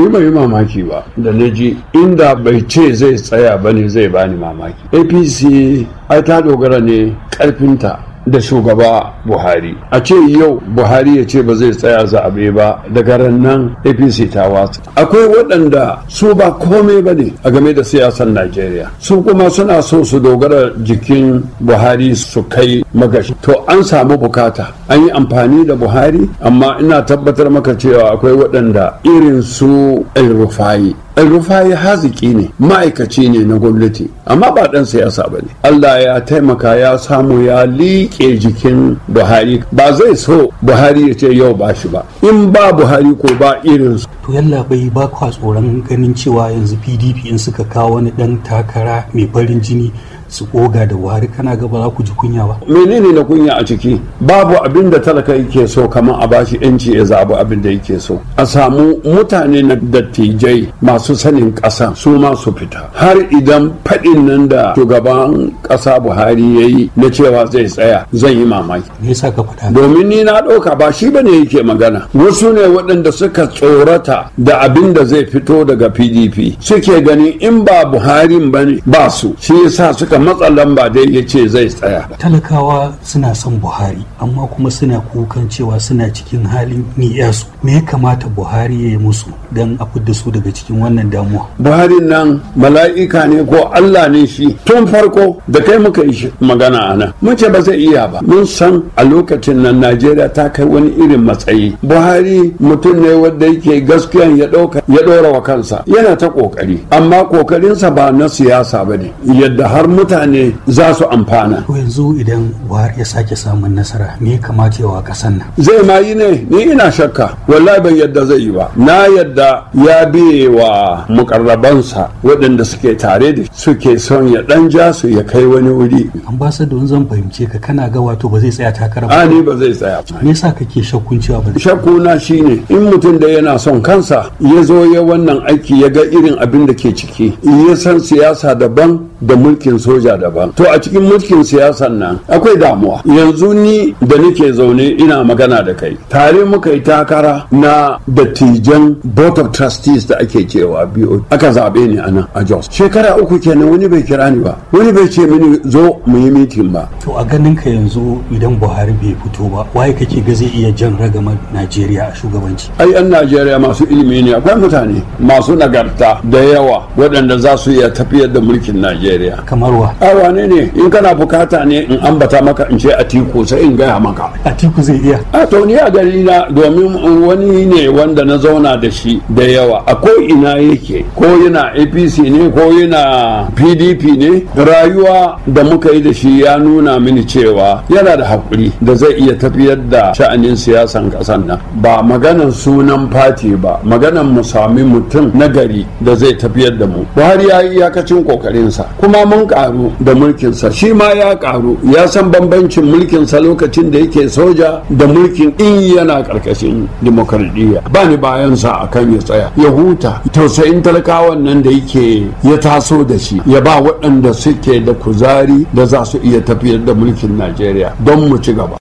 ni bai yi mamaki ba da na ji inda bai ce zai tsaya ba ne zai bani mamaki apc ai ta dogara ne karfinta da shugaba buhari a ce yau buhari ya ce ba zai tsaya zaɓe ba daga rannan apc ta watsa akwai waɗanda su ba komai ba ne a game da siyasar najeriya su kuma suna so su dogara jikin buhari su kai magashi to an samu bukata an yi amfani da buhari amma ina tabbatar maka cewa akwai waɗanda irin su el rufayi rufai haziki ne ma'aikaci ne na gwamnati amma ba dan siyasa ba ne allah ya taimaka ya samu ya liƙe jikin buhari ba zai so buhari ya ce yau ba shi ba in ba buhari ko ba irin su to yalla bai ba kwa tsoron ganin cewa yanzu pdp in suka kawo wani ɗan takara mai farin jini su koga da wari kana gaba za ku ji kunya ba menene na kunya a ciki babu abin da talaka yake so kamar a bashi yanci ya zabi abin da yake so a samu mutane na dattijai masu sanin ƙasa su ma su fita har idan faɗin nan da shugaban ƙasa buhari ya yi na cewa zai tsaya zan yi mamaki me yasa ka faɗa domin ni na ɗauka ba shi bane yake magana wasu ne waɗanda suka tsorata da abin da zai fito daga pdp suke ganin in ba buhari bane ba su shi yasa suka matsa lamba dai ya ce zai tsaya talakawa suna son buhari amma kuma suna kukan cewa suna cikin halin su. me ya kamata buhari ya yi musu don a fidda su daga cikin wannan damuwa buhari nan mala'ika ne ko allah ne shi tun farko da kai muka yi magana a nan mun ce ba zai iya ba mun san a lokacin nan najeriya ta kai wani irin matsayi buhari mutum ne wanda yake gaskiya ya ɗauka ya ɗora wa kansa yana ta ƙoƙari amma ƙoƙarinsa ba na siyasa ba ne yadda har mutane mutane za su amfana Ko yanzu idan buhari ya sake samun nasara me kamata yawa kasan nan zai ma yi ne ni ina shakka wallahi ban yadda zai yi ba na yadda ya biye wa mukarrabansa waɗanda suke tare da suke son ya ɗanja ja su ya kai wani wuri ambassador zan fahimce ka kana ga wato ba zai tsaya takara ba ni ba zai tsaya me yasa kake shakkun cewa ba shakku na shine in mutum da yana son kansa ya zo ya wannan aiki ya ga irin abin da ke ciki ya san siyasa daban da mulkin soja soja daban to a cikin mulkin siyasan nan akwai damuwa yanzu ni da nake zaune ina magana da kai tare muka yi takara na dattijan board of trustees da ake cewa BO aka zabe ni anan a Jos shekara uku kenan wani bai kira ni ba wani bai ce mini zo mu yi mitin ba to a ganin ka yanzu idan Buhari bai fito ba waye kake ga zai iya jan ragamar Najeriya a shugabanci ai an Najeriya masu ilimi ne akwai mutane masu nagarta da yawa waɗanda za su iya tafiyar da mulkin Najeriya kamar wa Awa a wane ne in kana bukata ne in ambata maka in ce atiku sai in gaya maka atiku zai iya a ah, to ni a gari na domin wani ne wanda na zauna da shi da yawa akwai ko ina yake ko yana apc ne ko yana pdp ne rayuwa da muka yi da shi ya nuna mini cewa yana da hakuri da zai iya tafiyar da sha'anin siyasan kasan nan ba maganan sunan fati ba maganan mu sami mutum na gari da zai tafiyar da mu buhari ya yi iyakacin kokarinsa kuma mun k'a. karu da mulkinsa shi ma ya karu ya san bambancin mulkinsa lokacin da yake soja da mulkin in yana karkashin demokradiyya ba ni sa akan ya tsaya ya huta tausayin talakawan nan da yake ya taso da shi ya ba waɗanda suke da kuzari da za su iya tafiyar da mulkin najeriya don mu ci gaba